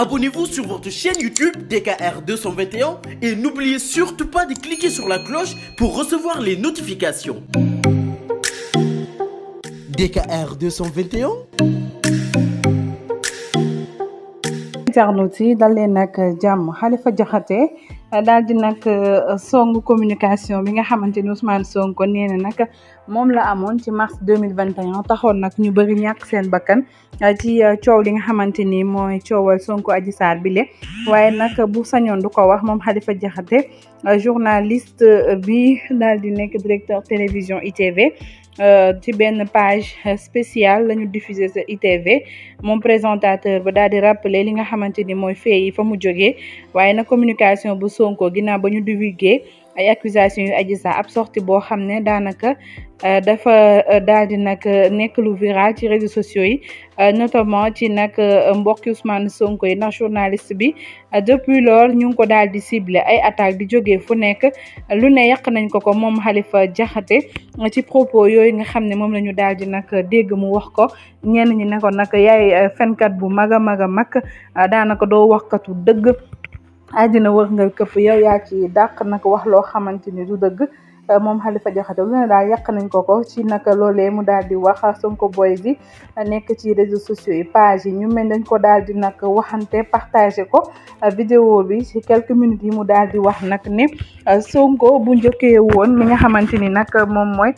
Abonnez-vous sur votre chaîne YouTube DKR et n'oubliez surtout pas de cliquer sur la cloche pour recevoir les notifications. DKR 221. internautes yi dal leen nag jàmm Khalifa Diakhaté daal di nag euh, songu communication bi nga xamante ni Ousmane Sonko nee na nag moom la amoon ci mars 2021 taxoon nag ñu bëri ñàkk seen bakkan euh, ci euh, coow li nga xamante ni mooy coowal Sonko Adji Sarr bile waaye nag bu sañoon du ko wax moom Khalifa Diakhaté journaliste bi daal di nekk directeur télévision ITV Euh, ci benn page spécial la ñu diffusé sa ITV moom présentateur ba daal di rappeler li nga xamante ni mooy fee yi fa mu jóge waaye na communication bu Sonko ginaaw ba ñu divulgué ay accusation yu Adji sax ab sortie boo xam ne daanaka euh, dafa euh, daal di nag euh, nekk lu viral ci réseaux sociaux yi notamment ci nag mbokki Ousmane sonk yi ndax journaliste bi depuis lool ñu ngi ko daal di ciblé ay attaques di joge fu nekk lu ne yàq nañ ko ko moom Khalifa Diakhaté ci propos yooyu nga xam ne moom la ñu daal di nag dégg mu wax ko ñenn ñi ne ko nag yaay fenkat bu mag a mag a mag daanaka doo waxkatu dëgg àddina wër nga këpp yow yaa ci dàq nag wax loo xamante ni du dëgg euh, moom Khalifa Diakhaté lu ne daal yàq nañ ko ko ci naka loolee mu daal di wax Sonko boys yi nekk ci réseaux sociaux yi page yi ñu mel dañ ko daal di nag waxante partagé ko euh, vidéo bi ci quelques minutes yi mu daal di wax nag ne euh, Sonko bu njëkkee woon li nga xamante ni nag moom mooy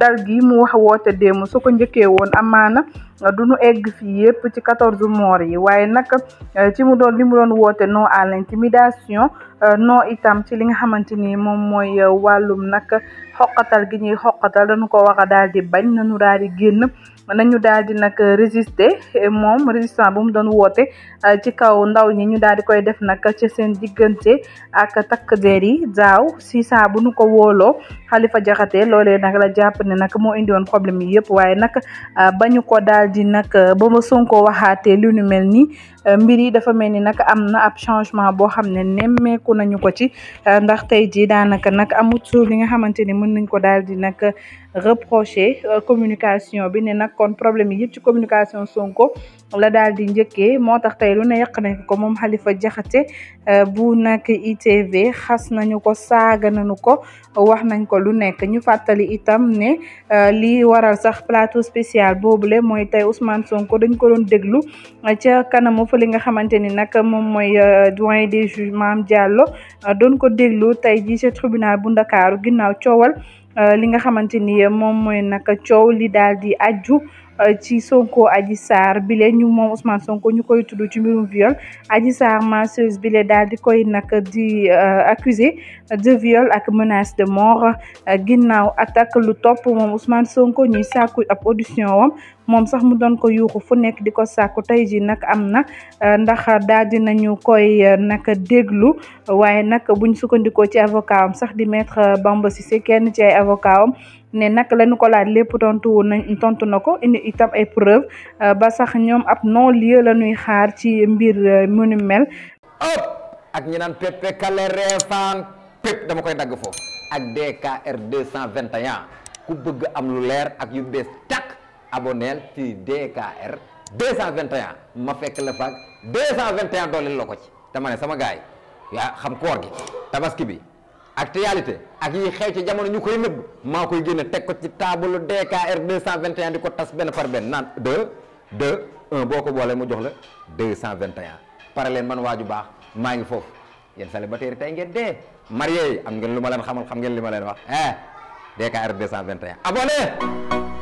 dal gi mu wax woote démb su ko njëkkee woon amaana duñu egg fii yëpp ci quatorze morts yi waaye nag euh, ci mu doon li mu doon woote non à l'intimidation euh, non itam ci li nga xamante ni moom mooy euh, wàllum nag xoqatal gi ñuy xoqatal dañu ko wax a daal di bañ nañu daal di génn nañu daal di nag résister moom résistant bu mu doon woote ci kaw ndaw ñi ñu daal di koy def nag ci seen diggante ak takk der yi daaw si sa bu nu ko wooloo Khalifa jaxate loolee nag la jàpp ne nag moo woon problème yi yëpp waaye nag bañu daal di nag euh, ba ma Sonko waxaatee lu nu mel ni euh, mbir yi dafa mel ni nag am na ab changement boo xam ne nemmeeku nañu ko ci euh, ndax tey jii daanaka nag amut li nga xamante ni mën nañ ko daal di nag reproché euh, communication bi ne nag kon problème yi yëpp ci communication Sonko la daal di njëkkee moo tax tey lu ne yàq nañ ko moom Khalifa Diakhaté euh, bu nag ITV xas nañu ko saaga nañu ko wax nañ ko lu nekk ñu fàttali itam ne euh, li waral sax plateau boobu le mooy tey Ousmane Sonko dañ ko doon déglu ca kanamu fa li nga xamante ni nag moom mooy doyen des juges maam Diallo doon ko déglu tey ji ci tribunal bu Ndakaaru ginnaaw coowal li nga xamante ni moom mooy nag coow li daal di aju ci Sonko aji Sarr bile ñu moom Ousmane Sonko ñu koy tudd ci mbirum viol Adji Sarr masseuse bile daal di koy nag di euh, accusé de viol ak menace de mort ginnaaw attaque lu topp moom Ousmane Sonko ñuy sàkku ab audition wam moom sax mu doon ko yuuxu fu nekk di ko sàkku tey ji nag am na euh, ndax daal di nañu koy euh, nag déglu waaye nag buñ sukkandikoo ci avocat am sax di maître Bamba Cissé kenn ci ay avocat am ne nag lañu ko laat lépp tontu woon nañ tontu na ko indi itam ay preuve euh, ba sax ñoom ab non lieu la ñuy xaar ci mbir euh, mu ni mel. ëpp ak ñi naan pepe kale reefaan pép dama koy dagg foofu ak DKR 221 ku bëgg am lu leer ak yu bees tàkk aboneel ci DKR 221 ma fekk la faag 221 dooleel la ko ci dama ne sama gaay yaa xam koor gi tabaski bi. actualité ak yi xew ci jamono ñu koy nëbb maa koy génne teg ko ci taabalu DKR 221 di ko tas benn par benn naan 2 2 1 boo ko boolee mu jox la de vingt 221 pare leen man waaju baax maa ngi foofu yéen célibataire tey ngeen dee marié yi am ngeen lu ma leen xamal xam ngeen li ma leen wax eh DKR 221 abonné